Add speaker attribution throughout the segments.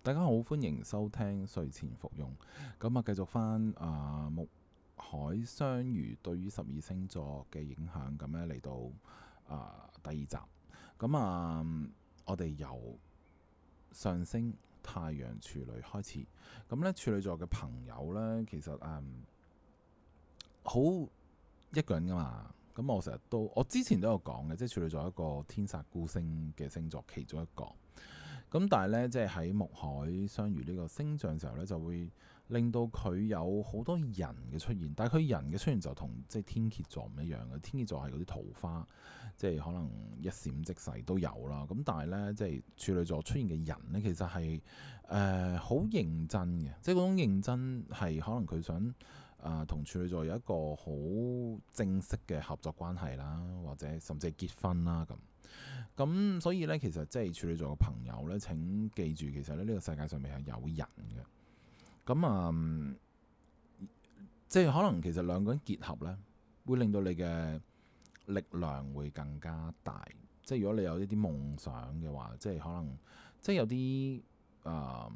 Speaker 1: 大家好，歡迎收聽睡前服用。咁啊，繼續翻啊木海雙魚對於十二星座嘅影響，咁咧嚟到啊、呃、第二集。咁、嗯、啊，我哋由上升太陽處女開始。咁、嗯、咧，處女座嘅朋友咧，其實誒好、嗯、一個人㗎嘛。咁、嗯、我成日都，我之前都有講嘅，即係處女座一個天煞孤星嘅星座其中一個。咁但係咧，即係喺木海相遇呢個星象時候咧，就會令到佢有好多人嘅出現。但係佢人嘅出現就同即係天蠍座唔一樣嘅，天蠍座係嗰啲桃花，即係可能一閃即逝都有啦。咁但係咧，即係處女座出現嘅人咧，其實係誒好認真嘅，即係嗰種認真係可能佢想啊同、呃、處女座有一個好正式嘅合作關係啦，或者甚至係結婚啦咁。咁所以咧，其實即係處女座嘅朋友咧，請記住，其實咧呢個世界上面係有人嘅。咁啊，即、嗯、係、就是、可能其實兩個人結合咧，會令到你嘅力量會更加大。即係如果你有一啲夢想嘅話，即係可能即係有啲誒、嗯、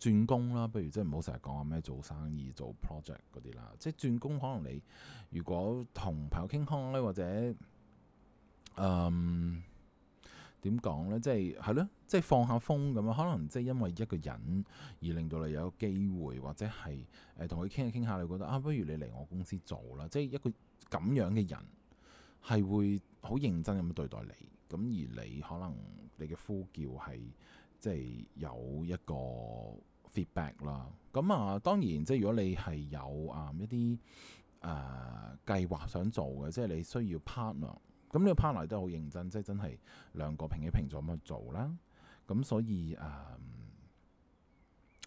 Speaker 1: 轉工啦，不如即係唔好成日講話咩做生意、做 project 嗰啲啦。即係轉工，可能你如果同朋友傾開咧，或者嗯，點講呢？即係係咯，即係放下風咁樣，可能即係因為一個人而令到你有機會，或者係誒同佢傾下傾下，你覺得啊，不如你嚟我公司做啦！即係一個咁樣嘅人，係會好認真咁樣對待你。咁而你可能你嘅呼叫係即係有一個 feedback 啦。咁啊，當然即係如果你係有啊一啲誒、啊、計劃想做嘅，即係你需要 partner。咁呢個 partner 都好認真，即係真係兩個平起平坐咁樣做啦。咁所以誒、呃，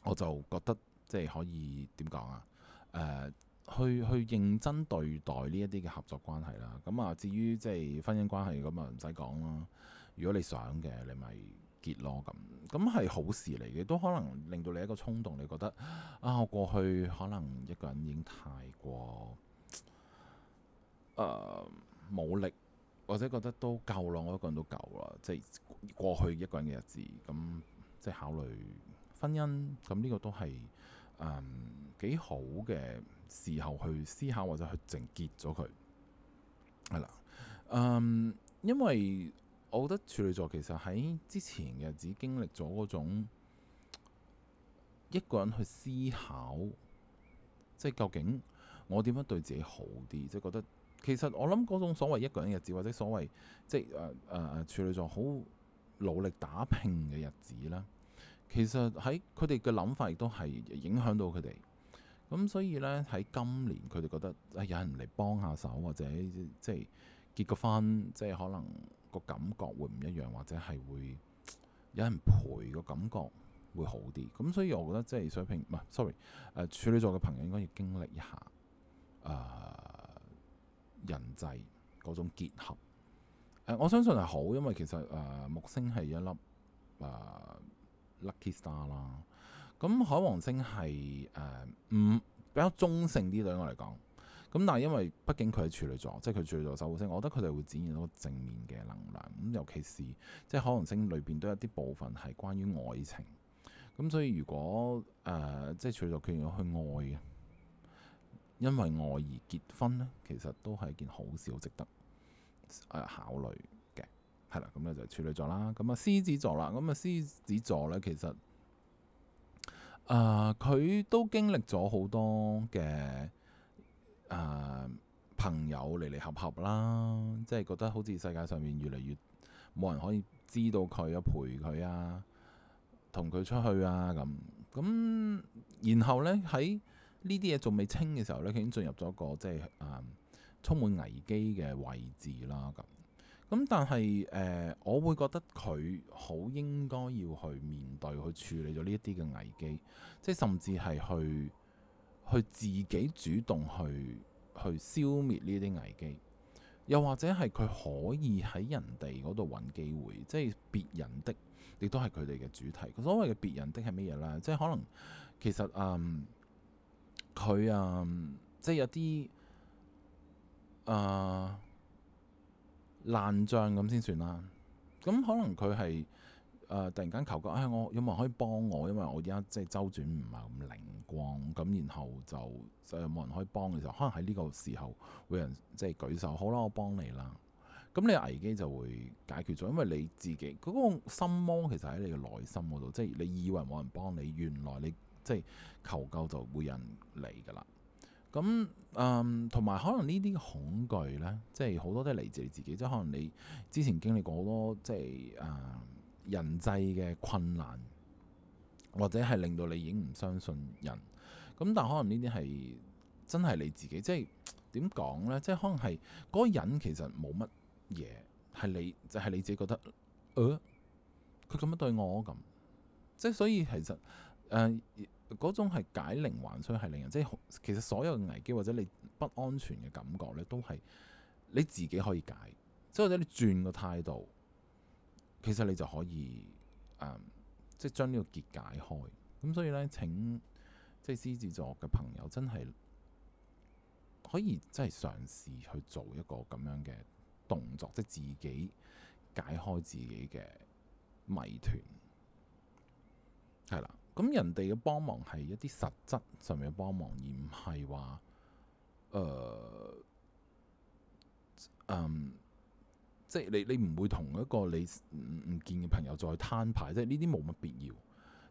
Speaker 1: 我就覺得即係可以點講啊？誒、呃，去去認真對待呢一啲嘅合作關係啦。咁啊，至於即係婚姻關係，咁啊唔使講啦。如果你想嘅，你咪結咯。咁咁係好事嚟嘅，都可能令到你一個衝動，你覺得啊，我過去可能一個人已經太過誒冇、呃、力。或者覺得都夠咯，我一個人都夠啦。即係過去一個人嘅日子，咁即係考慮婚姻，咁呢個都係誒、嗯、幾好嘅時候去思考，或者去淨結咗佢。係啦、嗯，因為我覺得處女座其實喺之前嘅日子經歷咗嗰種一個人去思考，即係究竟我點樣對自己好啲，即係覺得。其實我諗嗰種所謂一個人嘅日子，或者所謂即係誒誒誒處女座好努力打拼嘅日子啦，其實喺佢哋嘅諗法亦都係影響到佢哋。咁所以咧喺今年佢哋覺得有人嚟幫下手，或者即係結個婚，即係可能個感覺會唔一樣，或者係會有人陪個感覺會好啲。咁所以我覺得即係水平唔係，呃，sorry 誒處女座嘅朋友應該要經歷一下誒。呃人際嗰種結合，誒、呃，我相信係好，因為其實誒、呃、木星係一粒誒、呃、lucky star 啦。咁海王星係誒唔比較中性啲對於我嚟講。咁但係因為畢竟佢係處女座，即係佢處女座守護星，我覺得佢哋會展現到個正面嘅能量。咁尤其是即係、就是、海王星裏邊都有一啲部分係關於愛情。咁所以如果誒即係處女座佢決定去愛嘅。因為愛而結婚呢，其實都係件好事，好值得誒考慮嘅。係啦，咁咧就處女座啦。咁啊，獅子座啦。咁啊，獅子座呢，其實啊，佢、呃、都經歷咗好多嘅啊、呃、朋友離離合合啦，即係覺得好似世界上面越嚟越冇人可以知道佢啊，陪佢啊，同佢出去啊咁。咁然後呢，喺呢啲嘢仲未清嘅時候呢，佢已經進入咗個即係、嗯、充滿危機嘅位置啦。咁咁，但係誒、呃，我會覺得佢好應該要去面對去處理咗呢一啲嘅危機，即係甚至係去去自己主動去去消滅呢啲危機，又或者係佢可以喺人哋嗰度揾機會，即係別人的亦都係佢哋嘅主題。所謂嘅別人的係乜嘢呢？即係可能其實誒。嗯佢啊，即係有啲啊、呃、爛賬咁先算啦。咁可能佢係誒突然間求救，唉、哎，我有冇人可以幫我？因為我而家即係週轉唔係咁靈光。咁然後就誒冇人可以幫嘅時候，可能喺呢個時候會有人即係舉手，好啦，我幫你啦。咁你危機就會解決咗，因為你自己嗰、嗰個心魔其實喺你嘅內心嗰度，即係你以為冇人幫你，原來你。即係求救就會有人嚟㗎啦。咁誒，同、嗯、埋可能呢啲恐懼咧，即係好多都係嚟自你自己。即係可能你之前經歷過好多，即係誒、呃、人際嘅困難，或者係令到你已經唔相信人。咁但係可能呢啲係真係你自己。即係點講咧？即係可能係嗰個人其實冇乜嘢係你，就係、是、你自己覺得，誒佢咁樣對我咁。即係所以其實。誒嗰、嗯、種係解鈴還須繫鈴人，即係其實所有嘅危機或者你不安全嘅感覺咧，都係你自己可以解，即係或者你轉個態度，其實你就可以、嗯、即係將呢個結解開。咁所以呢，請即係獅子座嘅朋友真係可以即係嘗試去做一個咁樣嘅動作，即係自己解開自己嘅謎團係啦。咁人哋嘅幫忙係一啲實質上面嘅幫忙，而唔係話誒誒，即係你你唔會同一個你唔唔見嘅朋友再攤牌，即係呢啲冇乜必要，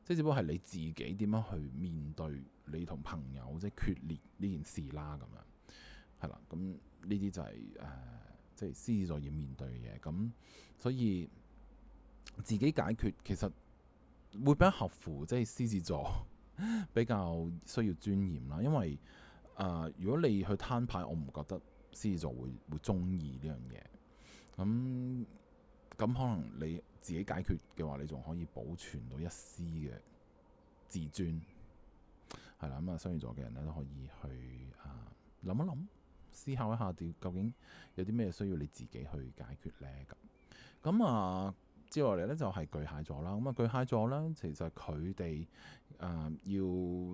Speaker 1: 即係只不過係你自己點樣去面對你同朋友即係決裂呢件事啦，咁樣係啦。咁呢啲就係、是、誒、呃，即係獅子座要面對嘅嘢。咁所以自己解決其實。會比較合乎，即係獅子座 比較需要尊嚴啦。因為誒、呃，如果你去攤牌，我唔覺得獅子座會會中意呢樣嘢。咁、嗯、咁、嗯、可能你自己解決嘅話，你仲可以保存到一絲嘅自尊。係、嗯、啦，咁、嗯、啊，雙魚座嘅人咧都可以去啊諗一諗，思考一下，究竟有啲咩需要你自己去解決咧。咁咁啊～、嗯嗯嗯接落嚟咧就係巨蟹座啦。咁啊，巨蟹座咧，其實佢哋誒要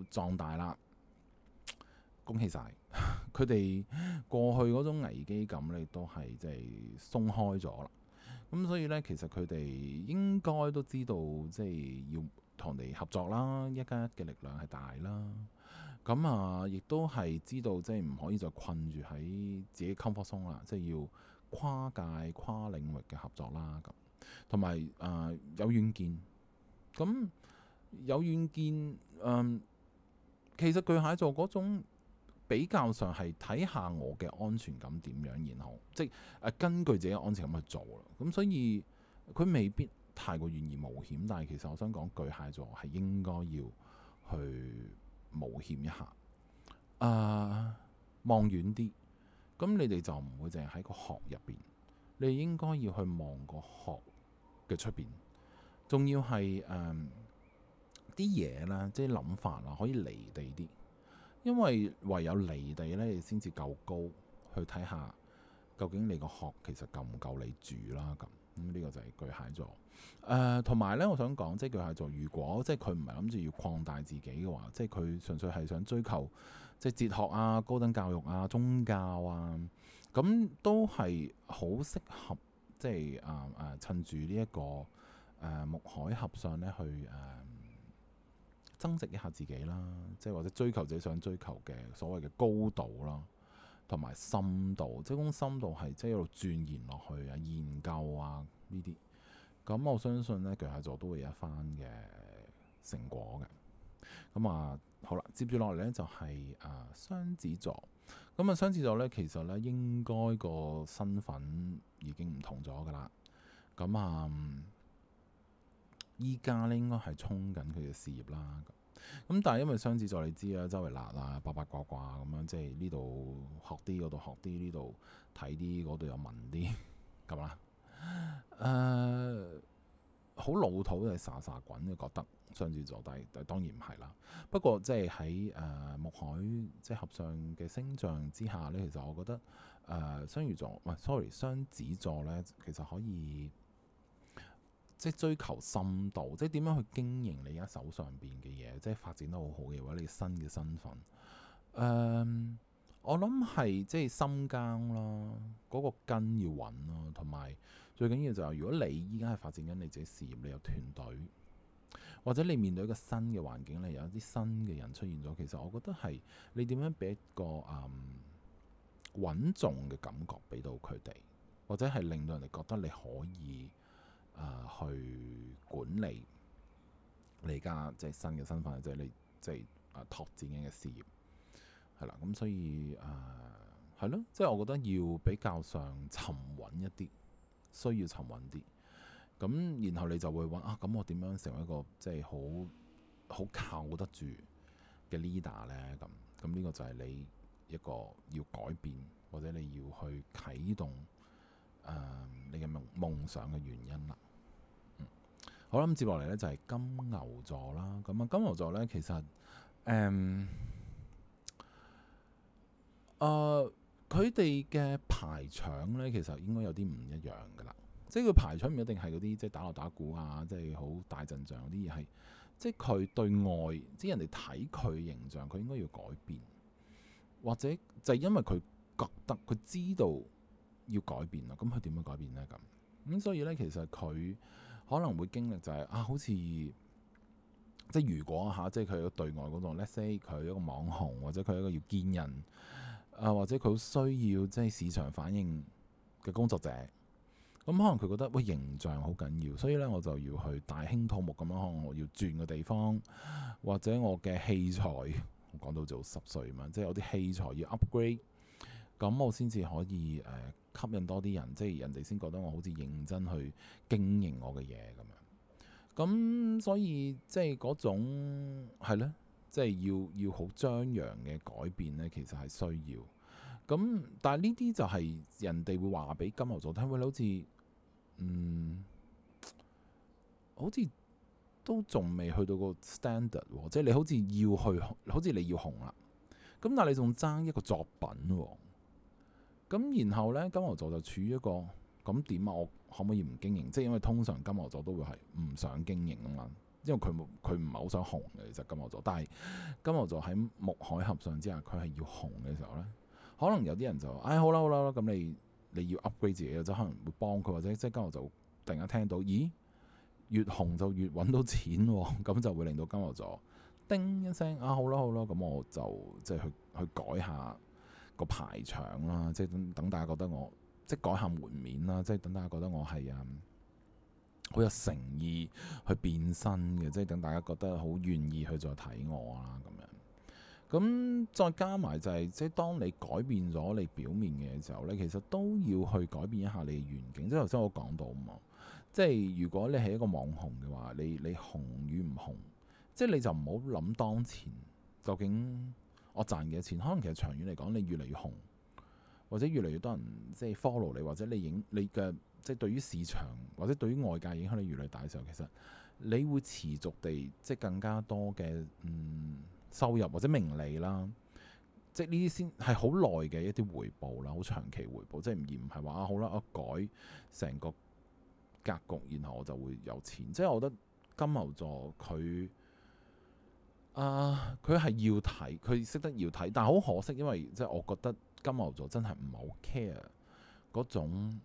Speaker 1: 壯大啦，恭喜晒！佢 哋過去嗰種危機感咧，都係即係鬆開咗啦。咁所以咧，其實佢哋應該都知道，即係要同人合作啦，一加一嘅力量係大啦。咁啊，亦都係知道，即係唔可以再困住喺自己 comfort zone 啦，即係要跨界跨領域嘅合作啦。咁。同埋啊，有遠見咁有遠見。嗯，其實巨蟹座嗰種比較上係睇下我嘅安全感點樣，然後即係誒、啊、根據自己嘅安全感去做啦。咁所以佢未必太過願意冒險，但係其實我想講巨蟹座係應該要去冒險一下啊，望遠啲。咁你哋就唔會淨係喺個殼入邊，你應該要去望個殼嘅出邊，仲要係誒啲嘢啦，即係諗法啦，可以離地啲，因為唯有離地咧，先至夠高去睇下究竟你個殼其實夠唔夠你住啦咁。咁呢個就係巨蟹座。誒同埋咧，我想講即係巨蟹座，如果即係佢唔係諗住要擴大自己嘅話，即係佢純粹係想追求即係哲學啊、高等教育啊、宗教啊，咁都係好適合。即係誒誒，趁住呢一個誒木、啊、海合相咧，去誒、啊、增值一下自己啦。即係或者追求者想追求嘅所謂嘅高度啦，同埋深度。即係種深度係即係一路鑽研落去啊，研究啊呢啲。咁我相信咧，巨蟹座都會有一番嘅成果嘅。咁、嗯就是、啊，好啦，接住落嚟咧就係誒雙子座，咁、嗯、啊雙子座咧，其實咧應該個身份已經唔同咗噶啦，咁啊依家咧應該係衝緊佢嘅事業啦，咁、嗯、但係因為雙子座你知啊，周圍辣啊，八八卦卦咁樣，即係呢度學啲，嗰度學啲，呢度睇啲，嗰度又聞啲，咁、嗯、啊，誒、嗯。好老土嘅沙沙滾嘅覺得雙子座，但係當然唔係啦。不過即係喺誒木海即係、就是、合上嘅星象之下咧，其實我覺得誒、呃、雙魚座唔係、呃、sorry 雙子座咧，其實可以即係追求深度，即係點樣去經營你而家手上邊嘅嘢，即、就、係、是、發展得好好嘅，或者你的新嘅身份。誒、呃，我諗係即係深耕咯，嗰、那個根要穩咯，同埋。最緊要就係，如果你依家係發展緊你自己事業，你有團隊，或者你面對一個新嘅環境，你有一啲新嘅人出現咗，其實我覺得係你點樣俾一個嗯穩重嘅感覺俾到佢哋，或者係令到人哋覺得你可以、呃、去管理你而家即係新嘅身份，即係你即係啊拓展緊嘅事業係啦。咁所以誒係咯，即、呃、係、即係、我覺得要比較上沉穩一啲。需要沉穩啲，咁然後你就會話啊，咁我點樣成為一個即係好好靠得住嘅 leader 咧？咁咁呢個就係你一個要改變或者你要去啟動誒、呃、你嘅夢夢想嘅原因啦、嗯。好啦，咁接落嚟咧就係金牛座啦。咁啊，金牛座咧其實誒啊。嗯呃佢哋嘅排場咧，其實應該有啲唔一樣噶啦。即係佢排場唔一定係嗰啲，即係打鑼打鼓啊，即係好大陣仗嗰啲嘢係。即係佢對外，即係人哋睇佢形象，佢應該要改變，或者就係因為佢覺得佢知道要改變啦。咁佢點樣改變咧？咁、嗯、咁所以咧，其實佢可能會經歷就係、是、啊，好似即係如果吓，即係佢個對外嗰度，let's say 佢一個網紅或者佢一個要見人。啊，或者佢好需要即係市場反應嘅工作者，咁可能佢覺得喂，形象好緊要，所以咧我就要去大興土木咁樣，可能我要轉個地方，或者我嘅器材講到就濕碎嘛，即係有啲器材要 upgrade，咁我先至可以誒吸引多啲人，即係人哋先覺得我好似認真去經營我嘅嘢咁樣。咁所以即係嗰種係咧。即係要要好張揚嘅改變咧，其實係需要。咁但係呢啲就係人哋會話俾金牛座聽，喂，你好似，嗯，好似都仲未去到個 standard 喎。即係你好似要去，好似你要紅啦。咁但係你仲爭一個作品喎。咁然後咧，金牛座就處於一個咁點啊？我可唔可以唔經營？即係因為通常金牛座都會係唔想經營啊嘛。因為佢冇佢唔係好想紅嘅，其實金牛座，但係金牛座喺木海合相之下，佢係要紅嘅時候咧，可能有啲人就話，哎好啦好啦咁，你你要 upgrade 自己，即係可能會幫佢，或者即係金牛座突然間聽到，咦，越紅就越揾到錢，咁、哦、 就會令到金牛座叮一聲啊，好啦好啦，咁我就即係去去改下個排場啦，即係等等大家覺得我即係改下門面啦，即係等大家覺得我係啊。好有誠意去變身嘅，即係等大家覺得好願意去再睇我啦咁樣。咁再加埋就係、是，即係當你改變咗你表面嘅時候咧，你其實都要去改變一下你嘅願景。即係頭先我講到嘛，即係如果你係一個網紅嘅話，你你紅與唔紅，即係你就唔好諗當前究竟我賺幾多錢。可能其實長遠嚟講，你越嚟越紅，或者越嚟越多人即係 follow 你，或者你影你嘅。即係對於市場或者對於外界影響你越來越大嘅時候，其實你會持續地即係更加多嘅嗯收入或者名利啦，即係呢啲先係好耐嘅一啲回報啦，好長期回報，即係而唔係話好啦，我改成個格局，然後我就會有錢。即係我覺得金牛座佢啊，佢係、呃、要睇佢識得要睇，但係好可惜，因為即係我覺得金牛座真係唔係好 care 嗰種。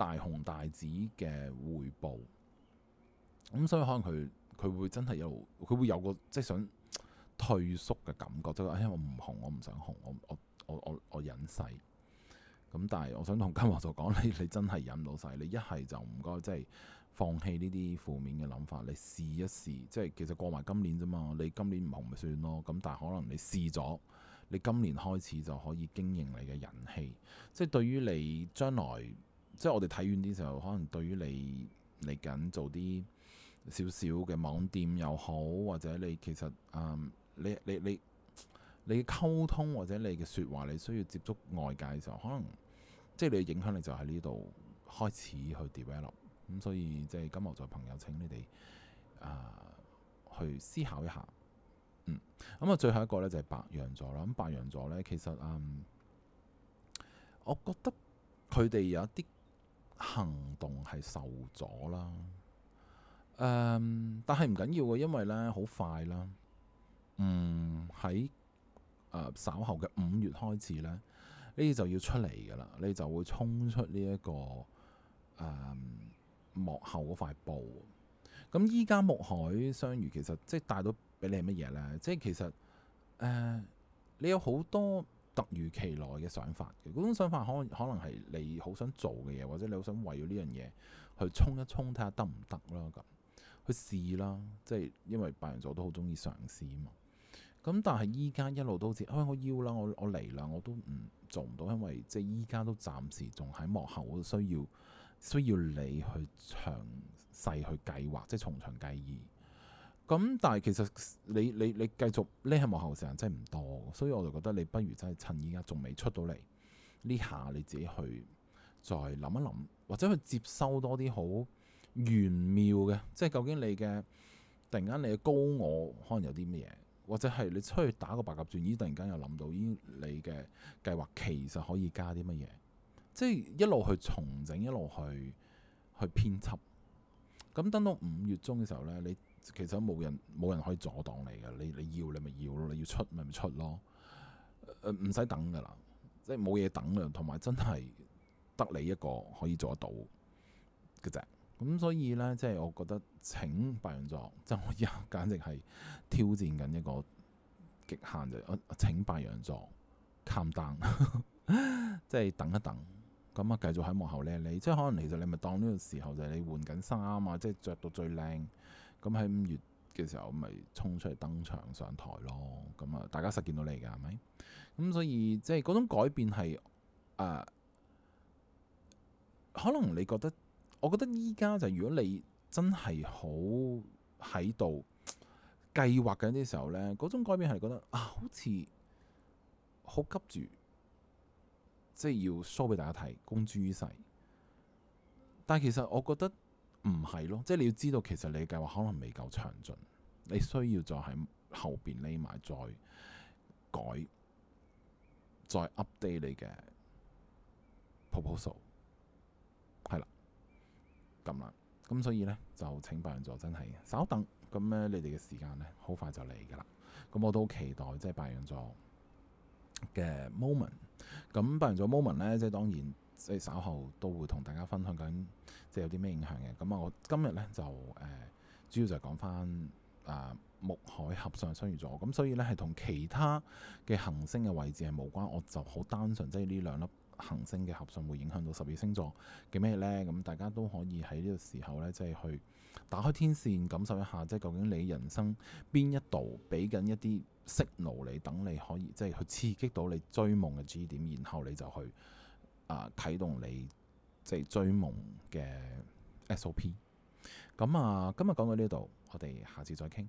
Speaker 1: 大紅大紫嘅回報，咁所以可能佢佢會真係有佢會有個即係想退縮嘅感覺，即係、哎、我唔紅，我唔想紅，我我我我，我隱世。咁但係我想同金華就講，你你真係隱唔到世，你一係就唔該即係放棄呢啲負面嘅諗法，你試一試即係其實過埋今年啫嘛。你今年唔紅咪算咯。咁但係可能你試咗，你今年開始就可以經營你嘅人氣，即係對於你將來。即係我哋睇遠啲時候，可能對於你嚟緊做啲少少嘅網店又好，或者你其實嗯，你你你你溝通或者你嘅説話，你需要接觸外界嘅時候，可能即係你嘅影響力就喺呢度開始去 develop。咁所以即係金牛座朋友請你哋啊、呃、去思考一下。嗯，咁啊最後一個咧就係白羊座啦。咁白羊座咧其實嗯，我覺得佢哋有一啲。行動係受阻啦，誒、嗯，但係唔緊要嘅，因為咧好快啦，嗯喺誒、呃、稍後嘅五月開始咧，呢就要出嚟㗎喇，你就會衝出呢、這、一個誒、呃、幕後嗰塊布。咁依家木海相遇其實即係帶到俾你係乜嘢咧？即係其實誒、呃，你有好多突如其來嘅想法，嗰種想法可可能係你好想做嘅嘢，或者你好想為咗呢樣嘢去衝一衝睇下得唔得啦，咁去試啦，即係因為白羊座都好中意嘗試啊嘛。咁但係依家一路都好似，哎，我要啦，我我嚟啦，我都唔做唔到，因為即係依家都暫時仲喺幕後，我都需要需要你去詳細去計劃，即係從長計議。咁，但係其實你你你繼續匿喺幕後，時間真係唔多，所以我就覺得你不如真係趁依家仲未出到嚟呢下，你自己去再諗一諗，或者去接收多啲好玄妙嘅，即係究竟你嘅突然間你嘅高我可能有啲乜嘢，或者係你出去打個白鴿轉，咦，突然間又諗到咦，你嘅計劃其實可以加啲乜嘢，即係一路去重整，一路去去編輯。咁等到五月中嘅時候咧，你。其實冇人冇人可以阻擋你嘅。你你要你咪要咯，你要出咪咪出咯。誒唔使等㗎喇，即係冇嘢等嘅。同埋真係得你一個可以做得到嘅啫。咁所以咧，即係我覺得請白羊座，即係我而家簡直係挑戰緊一個極限就請白羊座，calm down，即係等一等。咁啊，繼續喺幕後靚你。即係可能其實你咪當呢個時候就係你換緊衫啊，即係著到最靚。咁喺五月嘅時候，咪衝出嚟登場上台咯。咁啊，大家實見到你㗎，係咪？咁所以即係嗰種改變係誒、呃，可能你覺得，我覺得依家就如果你真係好喺度計劃緊啲時候咧，嗰種改變係覺得啊，好似好急住，即係要 show 俾大家睇，公諸於世。但係其實我覺得。唔係咯，即係你要知道，其實你計劃可能未夠詳盡，你需要就喺後邊匿埋再改、再 update 你嘅 proposal，係啦，咁啦，咁所以咧就請白羊座真係稍等，咁咧你哋嘅時間咧好快就嚟噶啦，咁我都期待即係、就是、白羊座嘅 moment，咁白羊座 moment 咧即係當然。即係稍後都會同大家分享緊，即係有啲咩影響嘅。咁啊，我今日呢，就誒、呃、主要就係講翻啊木海合相雙魚座。咁所以呢，係同其他嘅行星嘅位置係無關，我就好單純即係呢兩粒行星嘅合相會影響到十二星座嘅咩呢？咁大家都可以喺呢個時候呢，即係去打開天線感受一下，即係究竟你人生邊一度俾緊一啲訊號你，等你可以即係去刺激到你追夢嘅焦點，然後你就去。啊！啟動你即係追夢嘅 SOP。咁啊，今日講到呢度，我哋下次再傾。